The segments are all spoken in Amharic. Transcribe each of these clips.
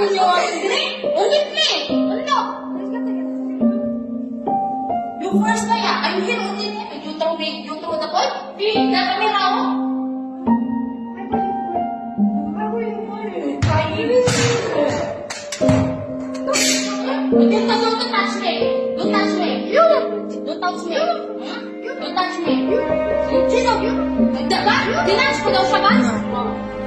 me. Ulit na eh. Ano? You first na ya. Are you here ulit na? You throw me, you throw the ball? Di, na kami na ako. Don't touch me. Don't touch me. You. Don't touch me. Don't touch me. Sino? Diba? Dinatch ko daw siya ba?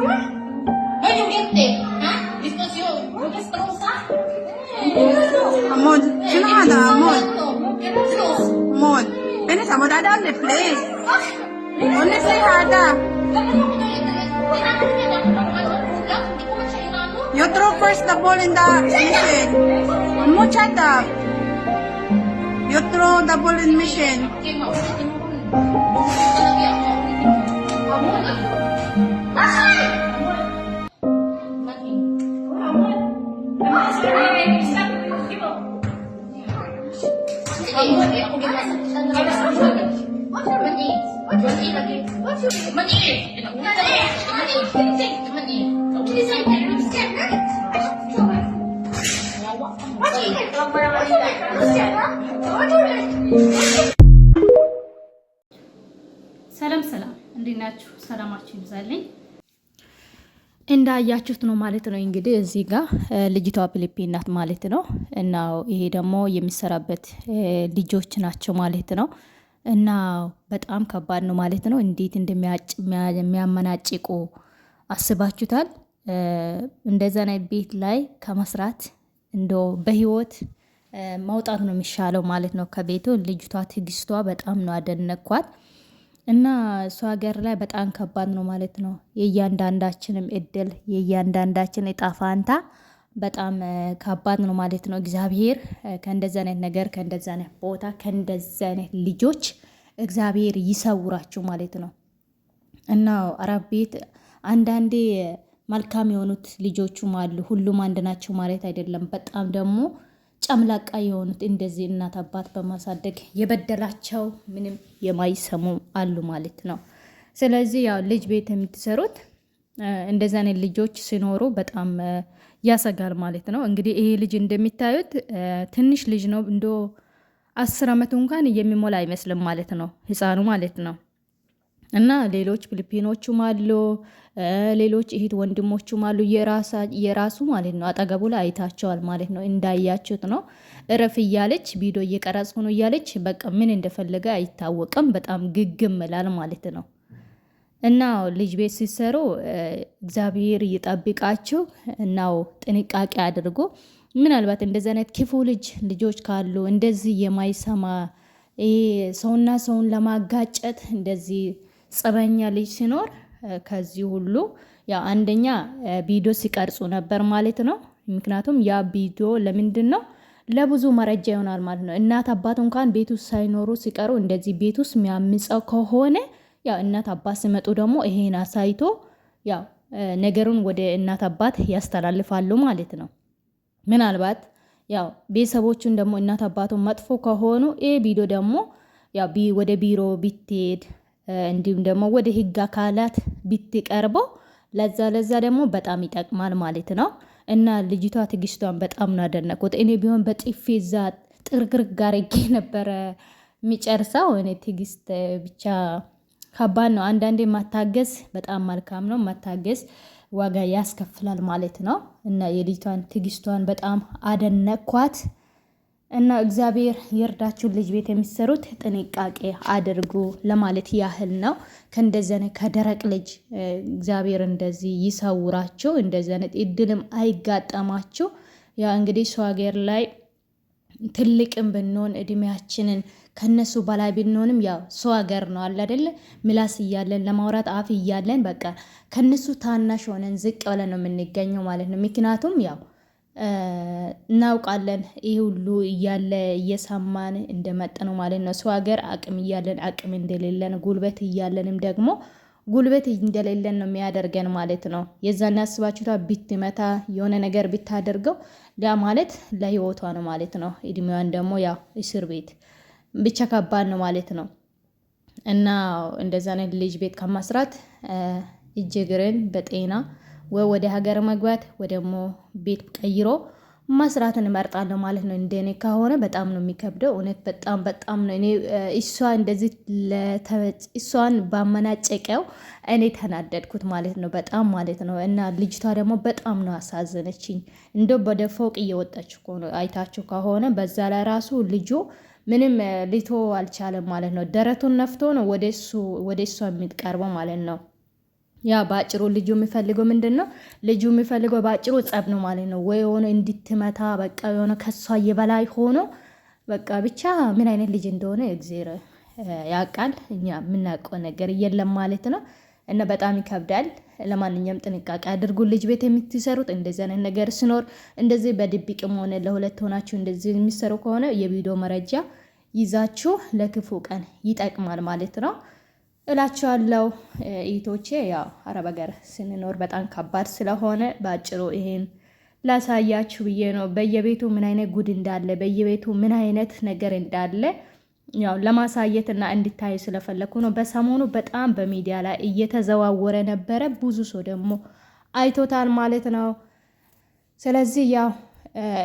Hoy, yung gente, ha? Diskusyo, yung estrosa. Amod, sino nga na, Amod? Amod, Penis, Amod, ada on the place. Honestly, ada. You throw first the ball in the mission. Amod, shut up. Ah. You throw the ball in mission. Okay, Amod, ah. ሰላም ሰላም፣ እንዴት ናችሁ? ሰላማችሁ ይብዛልኝ። እንዳያችሁት ነው ማለት ነው። እንግዲህ እዚህ ጋር ልጅቷ ፊሊፒን ናት ማለት ነው እና ይሄ ደግሞ የሚሰራበት ልጆች ናቸው ማለት ነው እና በጣም ከባድ ነው ማለት ነው። እንዴት እንደሚያመናጭቁ አስባችሁታል? እንደዛ ቤት ላይ ከመስራት እንደ በህይወት መውጣት ነው የሚሻለው ማለት ነው ከቤቱ። ልጅቷ ትዕግስቷ በጣም ነው አደነኳት። እና እሱ ሀገር ላይ በጣም ከባድ ነው ማለት ነው። የእያንዳንዳችንም እድል የእያንዳንዳችን እጣ ፋንታ በጣም ከባድ ነው ማለት ነው። እግዚአብሔር ከእንደዚህ አይነት ነገር ከእንደዚህ አይነት ቦታ ከእንደዚህ አይነት ልጆች እግዚአብሔር ይሰውራችሁ ማለት ነው። እና አረብ ቤት አንዳንዴ መልካም የሆኑት ልጆቹም አሉ። ሁሉም አንድ ናቸው ማለት አይደለም። በጣም ደግሞ ጨምላቃ የሆኑት እንደዚህ እናት አባት በማሳደግ የበደላቸው ምንም የማይሰሙ አሉ ማለት ነው። ስለዚህ ያው ልጅ ቤት የምትሰሩት እንደዚህ አይነት ልጆች ሲኖሩ በጣም ያሰጋል ማለት ነው። እንግዲህ ይሄ ልጅ እንደሚታዩት ትንሽ ልጅ ነው። እንደ አስር ዓመቱ እንኳን የሚሞላ አይመስልም ማለት ነው ህፃኑ ማለት ነው። እና ሌሎች ፊልፒኖቹም አሉ፣ ሌሎች እህት ወንድሞቹም አሉ። የራሱ ማለት ነው አጠገቡ ላይ አይታቸዋል ማለት ነው። እንዳያችሁት ነው እረፍ እያለች ቪዲዮ እየቀረጽ ሆኖ እያለች በቃ ምን እንደፈለገ አይታወቅም። በጣም ግግም ላል ማለት ነው። እና ልጅ ቤት ሲሰሩ እግዚአብሔር ይጠብቃቸው እናው ጥንቃቄ አድርጎ ምናልባት እንደዚህ አይነት ክፉ ልጅ ልጆች ካሉ እንደዚህ የማይሰማ ሰውና ሰውን ለማጋጨት እንደዚህ ጸበኛ ልጅ ሲኖር ከዚህ ሁሉ ያው አንደኛ ቪዲዮ ሲቀርጹ ነበር ማለት ነው። ምክንያቱም ያ ቪዲዮ ለምንድን ነው ለብዙ መረጃ ይሆናል ማለት ነው። እናት አባት እንኳን ቤት ውስጥ ሳይኖሩ ሲቀሩ እንደዚህ ቤት ውስጥ የሚያምፀው ከሆነ ያው እናት አባት ሲመጡ ደግሞ ይሄን አሳይቶ ያው ነገሩን ወደ እናት አባት ያስተላልፋሉ ማለት ነው። ምናልባት ያው ቤተሰቦቹን ደግሞ እናት አባቱን መጥፎ ከሆኑ ይህ ቪዲዮ ደግሞ ወደ ቢሮ ቢትሄድ እንዲሁም ደግሞ ወደ ህግ አካላት ብትቀርበው ለዛ ለዛ ደግሞ በጣም ይጠቅማል ማለት ነው። እና ልጅቷ ትግስቷን በጣም ነው ያደነኩት። እኔ ቢሆን በጥፊ ዛ ጥርግርግ ጋር ጌ ነበረ የሚጨርሰው። እኔ ትግስት ብቻ ከባድ ነው። አንዳንዴ ማታገዝ በጣም መልካም ነው። ማታገዝ ዋጋ ያስከፍላል ማለት ነው። እና የልጅቷን ትግስቷን በጣም አደነኳት። እና እግዚአብሔር ይርዳችሁ። ልጅ ቤት የሚሰሩት ጥንቃቄ አድርጉ ለማለት ያህል ነው። ከእንደዘነ ከደረቅ ልጅ እግዚአብሔር እንደዚህ ይሰውራችሁ፣ እንደዘነ እድልም አይጋጠማችሁ። ያ እንግዲህ ሰው ሀገር ላይ ትልቅም ብንሆን እድሜያችንን ከነሱ በላይ ብንሆንም ያው ሰው ሀገር ነው አለ አይደለ? ምላስ እያለን ለማውራት አፍ እያለን በቃ ከነሱ ታናሽ ሆነን ዝቅ ብለን ነው የምንገኘው ማለት ነው። ምክንያቱም ያው እናውቃለን ይህ ሁሉ እያለ እየሰማን እንደመጠ ነው ማለት ነው። ሰው ሀገር አቅም እያለን አቅም እንደሌለን ጉልበት እያለንም ደግሞ ጉልበት እንደሌለን ነው የሚያደርገን ማለት ነው። የዛን ያስባችሁታ ብትመታ የሆነ ነገር ብታደርገው ያ ማለት ለህይወቷ ነው ማለት ነው። እድሜዋን ደግሞ ያው እስር ቤት ብቻ ከባድ ነው ማለት ነው። እና እንደዛ ልጅ ቤት ከማስራት እጅግርን በጤና ወይ ወደ ሀገር መግባት ወይ ደግሞ ቤት ቀይሮ መስራት እንመርጣለሁ ማለት ነው። እንደኔ ከሆነ በጣም ነው የሚከብደው። እውነት በጣም በጣም ነው እኔ እሷ እንደዚህ እሷን ባመናጨቀው እኔ ተናደድኩት ማለት ነው፣ በጣም ማለት ነው። እና ልጅቷ ደግሞ በጣም ነው አሳዘነችኝ። እንደ ወደ ፎቅ እየወጣች እኮ አይታችሁ ከሆነ በዛ ላይ ራሱ ልጁ ምንም ሊቶ አልቻለም ማለት ነው። ደረቱን ነፍቶ ነው ወደ እሱ ወደ እሷ የሚቀርበው ማለት ነው። ያ በአጭሩ ልጁ የሚፈልገው ምንድን ነው? ልጁ የሚፈልገው በአጭሩ ጸብ ነው ማለት ነው። ወይ የሆነ እንድትመታ በቃ የሆነ ከሷ የበላይ ሆኖ በቃ ብቻ ምን አይነት ልጅ እንደሆነ እግዜር ያውቃል። እኛ የምናውቀው ነገር የለም ማለት ነው። እና በጣም ይከብዳል። ለማንኛውም ጥንቃቄ አድርጉ። ልጅ ቤት የምትሰሩት እንደዚህ አይነት ነገር ሲኖር እንደዚህ በድብቅም ሆነ ለሁለት ሆናችሁ እንደዚህ የሚሰሩ ከሆነ የቪዲዮ መረጃ ይዛችሁ ለክፉ ቀን ይጠቅማል ማለት ነው። እላቸዋለሁ። እህቶቼ ያው አረብ ሀገር ስንኖር በጣም ከባድ ስለሆነ በአጭሩ ይሄን ላሳያችሁ ብዬ ነው። በየቤቱ ምን አይነት ጉድ እንዳለ፣ በየቤቱ ምን አይነት ነገር እንዳለ ያው ለማሳየት እና እንድታዩ ስለፈለኩ ነው። በሰሞኑ በጣም በሚዲያ ላይ እየተዘዋወረ ነበረ። ብዙ ሰው ደግሞ አይቶታል ማለት ነው። ስለዚህ ያው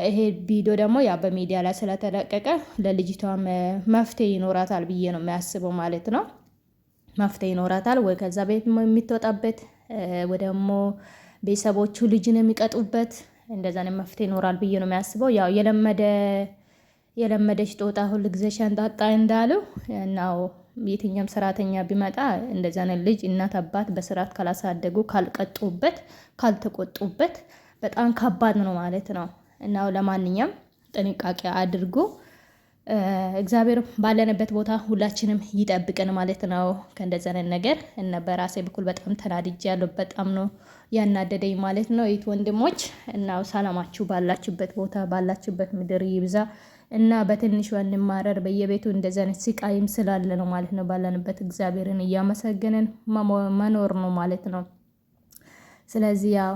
ይሄ ቪዲዮ ደግሞ ያው በሚዲያ ላይ ስለተለቀቀ ለልጅቷም መፍትሄ ይኖራታል ብዬ ነው የሚያስበው ማለት ነው። መፍትሄ ይኖራታል ወይ ከዛ ቤት የሚትወጣበት ወይ ደግሞ ቤተሰቦቹ ልጅን የሚቀጡበት እንደዛ መፍትሄ ይኖራል ብዬ ነው የሚያስበው። ያው የለመደ የለመደች ጦጣ ሁልጊዜ ሸንጣጣ እንዳለው ናው የትኛም ሰራተኛ ቢመጣ እንደዛ ነው። ልጅ እናት አባት በስርዓት ካላሳደጉ፣ ካልቀጡበት፣ ካልተቆጡበት በጣም ከባድ ነው ማለት ነው። እናው ለማንኛውም ጥንቃቄ አድርጉ። እግዚአብሔር ባለንበት ቦታ ሁላችንም ይጠብቅን ማለት ነው። ከእንደዘነን ነገር እነ በራሴ በኩል በጣም ተናድጄ ያለው በጣም ነው ያናደደኝ ማለት ነው። ይት ወንድሞች እና ሰላማችሁ ባላችሁበት ቦታ ባላችሁበት ምድር ይብዛ እና በትንሽ እንማረር። በየቤቱ እንደዘነ አይነት ስቃይም ስላለ ነው ማለት ነው። ባለንበት እግዚአብሔርን እያመሰገንን መኖር ነው ማለት ነው። ስለዚህ ያው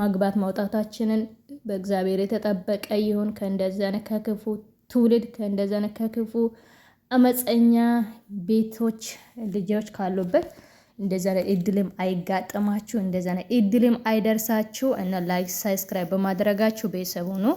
መግባት መውጣታችንን በእግዚአብሔር የተጠበቀ ይሁን ከእንደዘነ ከክፉት ትውልድ ከእንደዘነ ከክፉ አመፀኛ ቤቶች ልጆች ካሉበት እንደዛ እድልም አይጋጠማችሁ፣ እንደዛ እድልም አይደርሳችሁ እና ላይክ ሳብስክራይብ በማድረጋችሁ ቤተሰቡ ነው።